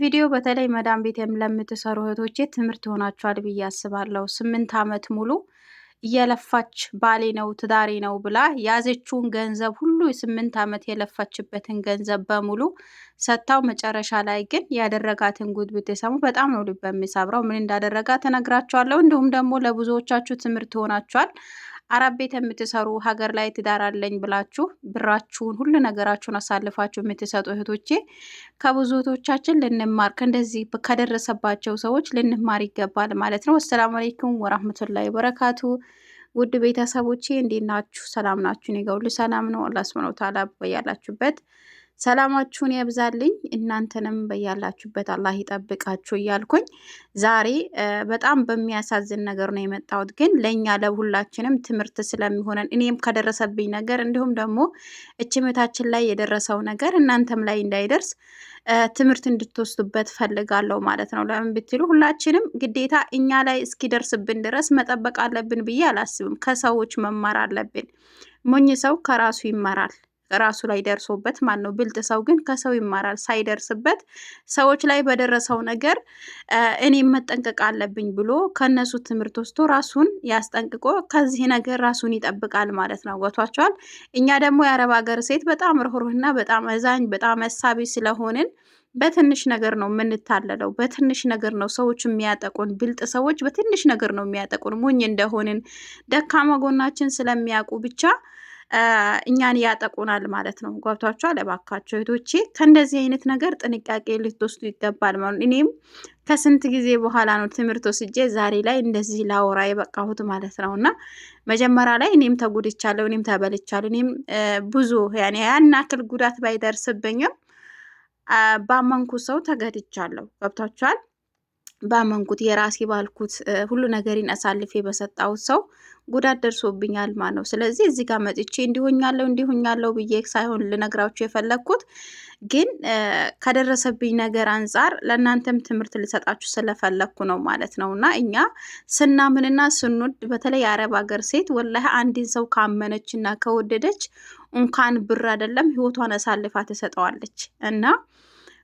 ቪዲዮ በተለይ መዳም ቤት ለምትሰሩ እህቶቼ ትምህርት ይሆናችኋል ብዬ አስባለሁ። ስምንት ዓመት ሙሉ እየለፋች ባሌ ነው ትዳሬ ነው ብላ ያዘችውን ገንዘብ ሁሉ የስምንት ዓመት የለፋችበትን ገንዘብ በሙሉ ሰጥታው መጨረሻ ላይ ግን ያደረጋትን ጉድብት የሰሙ በጣም ነው ልብ የሚሰብረው። ምን እንዳደረጋ ተነግራችኋለሁ። እንዲሁም ደግሞ ለብዙዎቻችሁ ትምህርት ይሆናችኋል። አረብ ቤት የምትሰሩ ሀገር ላይ ትዳር አለኝ ብላችሁ ብራችሁን ሁሉ ነገራችሁን አሳልፋችሁ የምትሰጡ እህቶቼ ከብዙ እህቶቻችን ልንማር ከእንደዚህ ከደረሰባቸው ሰዎች ልንማር ይገባል ማለት ነው። አሰላሙ አለይኩም ወራህመቱላሂ ወበረካቱ። ውድ ቤተሰቦቼ እንዴት ናችሁ? ሰላም ናችሁ? እኔ ጋ ሁሉ ሰላም ነው። አላህ ሱብሃነሁ ወተዓላ በያላችሁበት ሰላማችሁን ያብዛልኝ። እናንተንም በያላችሁበት አላህ ይጠብቃችሁ እያልኩኝ ዛሬ በጣም በሚያሳዝን ነገር ነው የመጣሁት፣ ግን ለእኛ ለሁላችንም ትምህርት ስለሚሆነን እኔም ከደረሰብኝ ነገር እንዲሁም ደግሞ እችምታችን ላይ የደረሰው ነገር እናንተም ላይ እንዳይደርስ ትምህርት እንድትወስዱበት ፈልጋለሁ ማለት ነው። ለምን ብትሉ ሁላችንም ግዴታ እኛ ላይ እስኪደርስብን ድረስ መጠበቅ አለብን ብዬ አላስብም። ከሰዎች መማር አለብን። ሞኝ ሰው ከራሱ ይማራል። ራሱ ላይ ደርሶበት ማን ነው። ብልጥ ሰው ግን ከሰው ይማራል። ሳይደርስበት ሰዎች ላይ በደረሰው ነገር እኔም መጠንቀቅ አለብኝ ብሎ ከነሱ ትምህርት ወስቶ ራሱን ያስጠንቅቆ ከዚህ ነገር ራሱን ይጠብቃል ማለት ነው። ወቷቸዋል እኛ ደግሞ የአረብ ሀገር ሴት በጣም ርኅሩህና በጣም አዛኝ በጣም አሳቢ ስለሆንን በትንሽ ነገር ነው የምንታለለው። በትንሽ ነገር ነው ሰዎች የሚያጠቁን። ብልጥ ሰዎች በትንሽ ነገር ነው የሚያጠቁን። ሞኝ እንደሆንን ደካማ ጎናችን ስለሚያውቁ ብቻ እኛን ያጠቁናል ማለት ነው። ጓብቷቸኋል። እባካቸው እህቶቼ ከእንደዚህ አይነት ነገር ጥንቃቄ ልትወስዱ ይገባል ማለት ነው። እኔም ከስንት ጊዜ በኋላ ነው ትምህርት ወስጄ ዛሬ ላይ እንደዚህ ላወራ የበቃሁት ማለት ነው። እና መጀመሪያ ላይ እኔም ተጉድቻለሁ እኔም ተበልቻለሁ። እኔም ብዙ ያን ያክል ጉዳት ባይደርስብኝም ባመንኩ ሰው ተገድቻለሁ። ገብቷችኋል። ባመንኩት የራሴ ባልኩት ሁሉ ነገሬን አሳልፌ በሰጣሁት ሰው ጉዳት ደርሶብኛል ማለት ነው። ስለዚህ እዚህ ጋር መጥቼ እንዲሆኛለሁ እንዲሆኛለሁ ብዬ ሳይሆን ልነግራችሁ የፈለግኩት ግን ከደረሰብኝ ነገር አንጻር ለእናንተም ትምህርት ልሰጣችሁ ስለፈለግኩ ነው ማለት ነው። እና እኛ ስናምንና ስንወድ በተለይ አረብ ሀገር ሴት ወላሂ አንድን ሰው ካመነች እና ከወደደች እንኳን ብር አይደለም ህይወቷን አሳልፋ ትሰጠዋለች እና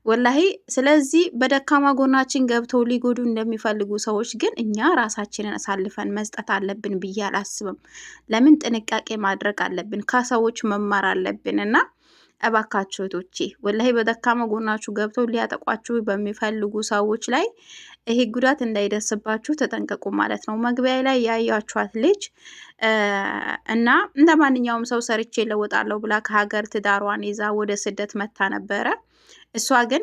ወላሂ ስለዚህ በደካማ ጎናችን ገብተው ሊጎዱ እንደሚፈልጉ ሰዎች ግን እኛ ራሳችንን አሳልፈን መስጠት አለብን ብዬ አላስብም። ለምን ጥንቃቄ ማድረግ አለብን፣ ከሰዎች መማር አለብን እና እባካችሁ እህቶቼ ወላሂ በደካማ ጎናችሁ ገብተው ሊያጠቋችሁ በሚፈልጉ ሰዎች ላይ ይሄ ጉዳት እንዳይደርስባችሁ ተጠንቀቁ ማለት ነው። መግቢያ ላይ ያያችኋት ልጅ እና እንደ ማንኛውም ሰው ሰርቼ ለወጣለሁ ብላ ከሀገር ትዳሯን ይዛ ወደ ስደት መታ ነበረ። እሷ ግን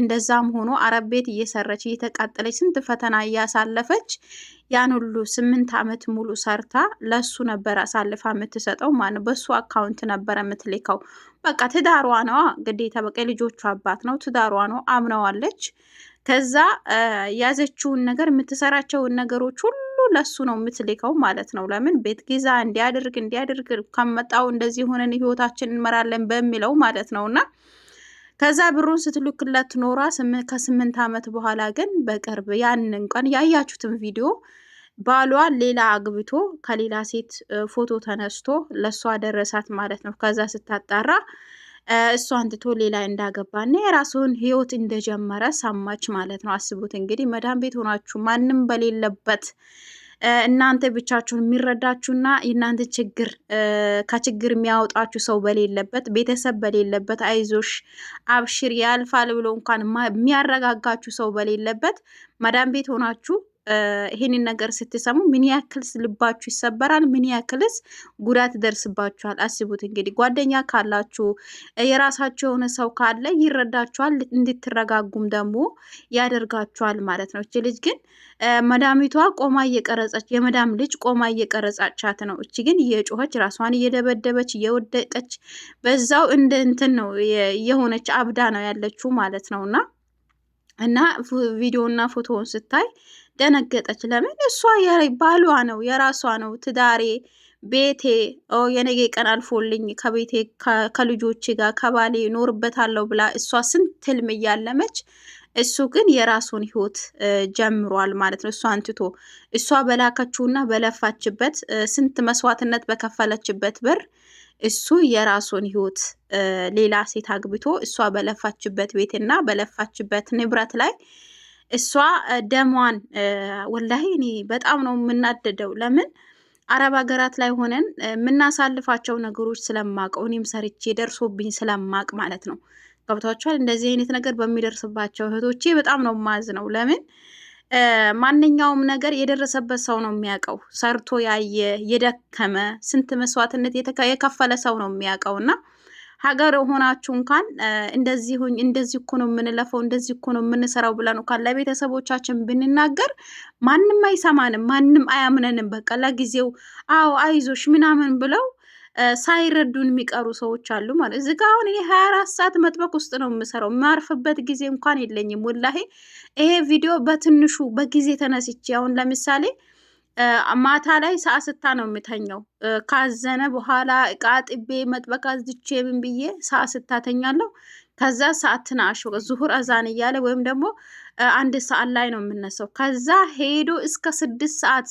እንደዛም ሆኖ አረብ ቤት እየሰረች እየተቃጠለች ስንት ፈተና እያሳለፈች ያን ሁሉ ስምንት ዓመት ሙሉ ሰርታ ለሱ ነበር አሳልፋ የምትሰጠው ማለት በሱ አካውንት ነበረ የምትልከው። በቃ ትዳሯ ነዋ ግዴታ። በቃ የልጆቹ አባት ነው፣ ትዳሯ ነው፣ አምነዋለች። ከዛ የያዘችውን ነገር የምትሰራቸውን ነገሮች ሁሉ ለሱ ነው የምትልከው ማለት ነው። ለምን ቤት ጊዛ እንዲያደርግ እንዲያደርግ ከመጣው እንደዚህ ሆነን ህይወታችን እንመራለን በሚለው ማለት ነው እና ከዛ ብሩን ስትልክለት ኖራ ከስምንት ዓመት በኋላ ግን በቅርብ ያን እንኳን ያያችሁትን ቪዲዮ ባሏ ሌላ አግብቶ ከሌላ ሴት ፎቶ ተነስቶ ለእሷ ደረሳት ማለት ነው። ከዛ ስታጣራ እሷን ትቶ ሌላ እንዳገባና የራሱን ህይወት እንደጀመረ ሰማች ማለት ነው። አስቡት እንግዲህ መዳም ቤት ሆናችሁ ማንም በሌለበት እናንተ ብቻችሁን የሚረዳችሁና የእናንተ ችግር ከችግር የሚያወጣችሁ ሰው በሌለበት ቤተሰብ በሌለበት አይዞሽ አብሽር ያልፋል ብሎ እንኳን የሚያረጋጋችሁ ሰው በሌለበት መዳም ቤት ሆናችሁ ይህንን ነገር ስትሰሙ ምን ያክልስ ልባችሁ ይሰበራል? ምን ያክልስ ጉዳት ደርስባችኋል? አስቡት እንግዲህ ጓደኛ ካላችሁ የራሳችሁ የሆነ ሰው ካለ ይረዳችኋል፣ እንድትረጋጉም ደግሞ ያደርጋችኋል ማለት ነው። እች ልጅ ግን መዳሚቷ ቆማ እየቀረጸች የመዳም ልጅ ቆማ እየቀረጻቻት ነው። እች ግን እየጮኸች ራሷን እየደበደበች እየወደቀች በዛው እንደ እንትን ነው የሆነች አብዳ ነው ያለችው ማለት ነው እና እና ቪዲዮና ፎቶውን ስታይ ደነገጠች። ለምን እሷ ባሏ ነው የራሷ ነው ትዳሬ ቤቴ የነገ ቀን አልፎልኝ ከቤቴ ከልጆች ጋር ከባሌ እኖርበታለሁ ብላ እሷ ስንት ህልም እያለመች እሱ ግን የራሱን ህይወት ጀምሯል ማለት ነው። እሷ አንትቶ እሷ በላከችውና በለፋችበት ስንት መስዋዕትነት በከፈለችበት ብር እሱ የራሱን ህይወት ሌላ ሴት አግብቶ እሷ በለፋችበት ቤትና በለፋችበት ንብረት ላይ እሷ ደሟን ወላሂ እኔ በጣም ነው የምናደደው። ለምን አረብ ሀገራት ላይ ሆነን የምናሳልፋቸው ነገሮች ስለማቀው እኔም ሰርቼ ደርሶብኝ ስለማቅ ማለት ነው። ገብቷችኋል? እንደዚህ አይነት ነገር በሚደርስባቸው እህቶቼ በጣም ነው ማዝ ነው። ለምን ማንኛውም ነገር የደረሰበት ሰው ነው የሚያውቀው። ሰርቶ ያየ የደከመ ስንት መስዋዕትነት የከፈለ ሰው ነው የሚያውቀው እና ሀገር ሆናችሁ እንኳን እንደዚህ ሁኝ እንደዚህ እኮ ነው የምንለፈው እንደዚህ እኮ ነው የምንሰራው ብለን እንኳን ለቤተሰቦቻችን ብንናገር ማንም አይሰማንም፣ ማንም አያምነንም። በቃ ለጊዜው አዎ አይዞሽ ምናምን ብለው ሳይረዱን የሚቀሩ ሰዎች አሉ ማለት እዚህ ጋ አሁን እኔ ሀያ አራት ሰዓት መጥበቅ ውስጥ ነው የምሰራው። የማርፍበት ጊዜ እንኳን የለኝም። ወላሄ ይሄ ቪዲዮ በትንሹ በጊዜ ተነስቼ አሁን ለምሳሌ ማታ ላይ ስታ ነው የምተኘው። ካዘነ በኋላ እቃ ጥቤ መጥበቃ ዝቼ ምን ብዬ ስታ ተኛለሁ። ከዛ ሰዓት ትናሽ ዙሁር አዛን እያለ ወይም ደግሞ አንድ ሰዓት ላይ ነው የምነሳው። ከዛ ሄዶ እስከ ስድስት ሰዓት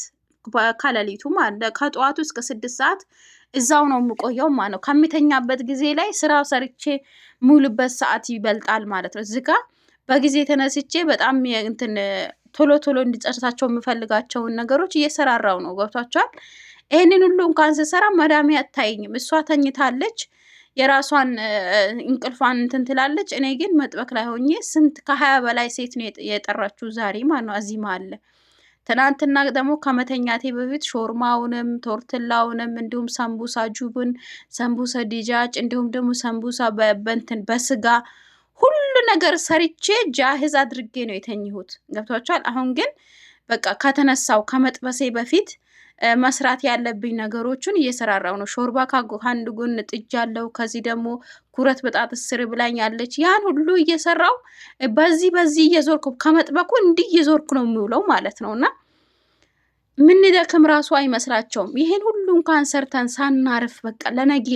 ከሌሊቱ ማለት ከጠዋቱ እስከ ስድስት ሰዓት እዛው ነው የምቆየው ማለት ነው። ከሚተኛበት ጊዜ ላይ ስራው ሰርቼ ሙሉበት ሰዓት ይበልጣል ማለት ነው። እዚህ ጋ በጊዜ ተነስቼ በጣም እንትን ቶሎ ቶሎ እንድጨርሳቸው የምፈልጋቸውን ነገሮች እየሰራራው ነው። ገብቷቸዋል። ይህንን ሁሉ እንኳን ስሰራ መዳሜ አታየኝም። እሷ ተኝታለች፣ የራሷን እንቅልፏን እንትን ትላለች። እኔ ግን መጥበቅ ላይ ሆኜ ስንት ከሀያ በላይ ሴት ነው የጠራችው ዛሬ ማለት ነው። እዚህም አለ ትናንትና ደግሞ ከመተኛቴ በፊት ሾርማውንም ቶርትላውንም እንዲሁም ሰንቡሳ ጁብን፣ ሰንቡሳ ዲጃጭ እንዲሁም ደግሞ ሰንቡሳ በእንትን በስጋ ነገር ሰርቼ ጃህዝ አድርጌ ነው የተኝሁት። ገብቷችኋል። አሁን ግን በቃ ከተነሳው ከመጥበሴ በፊት መስራት ያለብኝ ነገሮችን እየሰራራው ነው። ሾርባ ከአንድ ጎን አለው ከዚህ ደግሞ ኩረት በጣት ስር ያለች ያን ሁሉ እየሰራው በዚህ በዚህ እየዞርኩ ከመጥበኩ እንዲህ እየዞርኩ ነው የሚውለው ማለት ነው እና ምንደክም ራሱ አይመስላቸውም። ይሄን ሁሉ እንኳን ሰርተን ሳናርፍ በቃ ለነጌ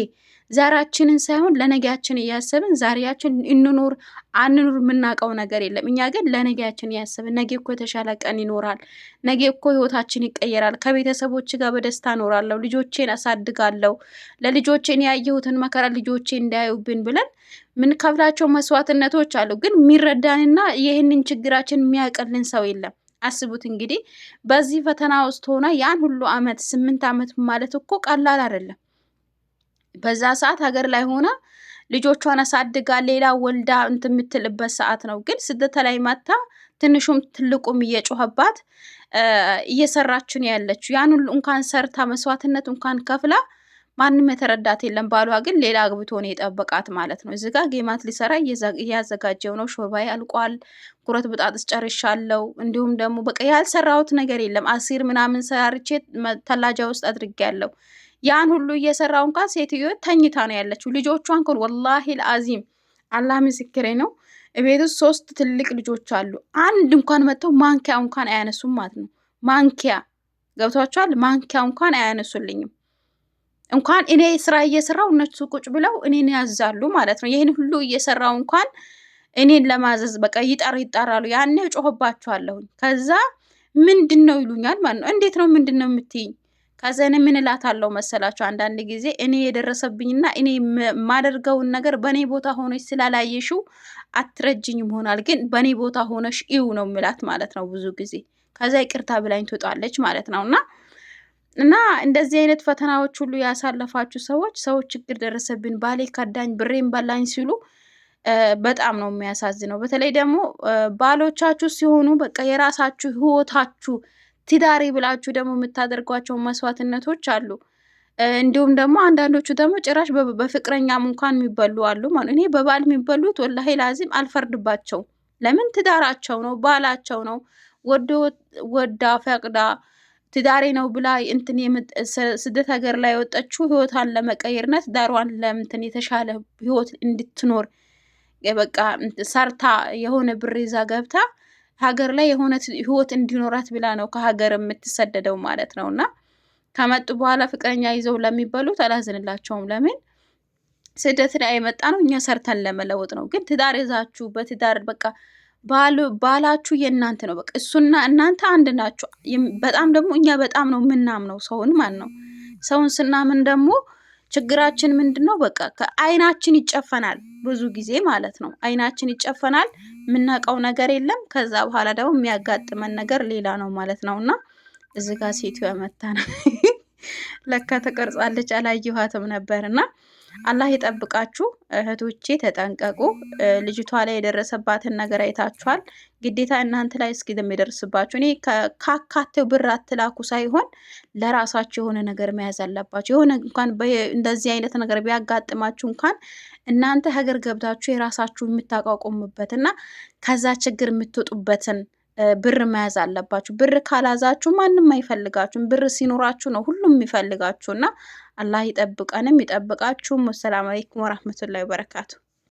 ዛሬያችንን ሳይሆን ለነገያችን እያሰብን ዛሬያችን እንኑር አንኑር የምናውቀው ነገር የለም። እኛ ግን ለነገያችን እያሰብን ነገ እኮ የተሻለ ቀን ይኖራል፣ ነገ እኮ ህይወታችን ይቀየራል፣ ከቤተሰቦች ጋር በደስታ እኖራለሁ፣ ልጆቼን አሳድጋለሁ፣ ለልጆቼን ያየሁትን መከራ ልጆቼ እንዳያዩብን ብለን ምንከፍላቸው መስዋዕትነቶች አሉ። ግን የሚረዳንና ይህንን ችግራችን የሚያቀልን ሰው የለም። አስቡት እንግዲህ በዚህ ፈተና ውስጥ ሆና ያን ሁሉ አመት ስምንት አመት ማለት እኮ ቀላል አይደለም። በዛ ሰዓት ሀገር ላይ ሆና ልጆቿን አሳድጋ ሌላ ወልዳ እንትን የምትልበት ሰዓት ነው። ግን ስደት ላይ መታ ትንሹም ትልቁም እየጮኸባት ነው ያለችው ያን ሁሉ እንኳን ሰርታ መስዋዕትነት እንኳን ከፍላ ማንም የተረዳት የለም። ባሏ ግን ሌላ አግብቶ ነው የጠበቃት ማለት ነው። እዚህ ጋር ጌማት ሊሰራ እያዘጋጀው ነው። ሾርባዬ አልቋል፣ ኩረት ብጣጥስ ጨርሻለሁ። እንዲሁም ደግሞ በቃ ያልሰራሁት ነገር የለም። አሲር ምናምን ሰራርቼ ተላጃ ውስጥ አድርጌያለሁ። ያን ሁሉ እየሰራው እንኳን ሴትዮ ተኝታ ነው ያለችው። ልጆቿን ኮን ወላሂ ልአዚም አላህ ምስክሬ ነው። ቤት ውስጥ ሶስት ትልቅ ልጆች አሉ። አንድ እንኳን መጥተው ማንኪያ እንኳን አያነሱም ማለት ነው። ማንኪያ ገብቷቸዋል። ማንኪያ እንኳን አያነሱልኝም። እንኳን እኔ ስራ እየሰራው እነሱ ቁጭ ብለው እኔን ያዛሉ ማለት ነው። ይህን ሁሉ እየሰራው እንኳን እኔን ለማዘዝ በቃ ይጠር ይጣራሉ። ያኔ ጮኸባቸዋለሁኝ። ከዛ ምንድን ነው ይሉኛል ማለት ነው። እንዴት ነው ምንድን ነው የምትይኝ? ከዛ እኔ ምን እላታለሁ መሰላችሁ? አንዳንድ ጊዜ እኔ የደረሰብኝና እኔ የማደርገውን ነገር በእኔ ቦታ ሆነች ስላላየሽው አትረጅኝም ይሆናል፣ ግን በእኔ ቦታ ሆነሽ ይው ነው ምላት ማለት ነው ብዙ ጊዜ። ከዛ ይቅርታ ብላኝ ትወጣለች ማለት ነው እና እና እንደዚህ አይነት ፈተናዎች ሁሉ ያሳለፋችሁ ሰዎች ሰዎች ችግር ደረሰብን፣ ባሌ ከዳኝ፣ ብሬን በላኝ ሲሉ በጣም ነው የሚያሳዝነው። በተለይ ደግሞ ባሎቻችሁ ሲሆኑ በቃ የራሳችሁ ህይወታችሁ ትዳሬ ብላችሁ ደግሞ የምታደርጓቸው መስዋዕትነቶች አሉ። እንዲሁም ደግሞ አንዳንዶቹ ደግሞ ጭራሽ በፍቅረኛም እንኳን የሚበሉ አሉ ማለት እኔ በባል የሚበሉት ወላሂ ላዚም አልፈርድባቸው። ለምን ትዳራቸው ነው ባላቸው ነው ወዶ ወዳ ፈቅዳ ትዳሬ ነው ብላ እንትን ስደት ሀገር ላይ የወጠችው ህይወቷን ለመቀየርነት ዳሯን ለምትን የተሻለ ህይወት እንድትኖር በቃ ሰርታ የሆነ ብር ይዛ ገብታ ሀገር ላይ የሆነ ህይወት እንዲኖራት ብላ ነው ከሀገር የምትሰደደው ማለት ነው። እና ከመጡ በኋላ ፍቅረኛ ይዘው ለሚበሉት አላዝንላቸውም። ለምን ስደት ላይ የመጣ ነው፣ እኛ ሰርተን ለመለወጥ ነው። ግን ትዳር ይዛችሁ በትዳር በቃ ባላችሁ የእናንተ ነው። በቃ እሱና እናንተ አንድ ናችሁ። በጣም ደግሞ እኛ በጣም ነው የምናምነው ሰውን ማን ነው። ሰውን ስናምን ደግሞ ችግራችን ምንድን ነው? በቃ ከአይናችን ይጨፈናል፣ ብዙ ጊዜ ማለት ነው። አይናችን ይጨፈናል፣ የምናውቀው ነገር የለም። ከዛ በኋላ ደግሞ የሚያጋጥመን ነገር ሌላ ነው ማለት ነው። እና እዚህ ጋር ሴትዮዋ መታ ነው ለካ ተቀርጻለች፣ አላየኋትም ነበር እና አላህ ይጠብቃችሁ እህቶቼ፣ ተጠንቀቁ። ልጅቷ ላይ የደረሰባትን ነገር አይታችኋል። ግዴታ እናንተ ላይ እስኪ የሚደርስባችሁ እኔ ካካቴው ብር አትላኩ ሳይሆን ለራሳችሁ የሆነ ነገር መያዝ አለባችሁ። የሆነ እንኳን እንደዚህ አይነት ነገር ቢያጋጥማችሁ እንኳን እናንተ ሀገር ገብታችሁ የራሳችሁ የምታቋቁሙበት እና ከዛ ችግር የምትወጡበትን ብር መያዝ አለባችሁ። ብር ካላዛችሁ ማንም አይፈልጋችሁም። ብር ሲኖራችሁ ነው ሁሉም የሚፈልጋችሁ እና አላህ ይጠብቀንም ይጠብቃችሁም። ወሰላም አለይኩም ወራህመቱላሂ ወበረካቱ።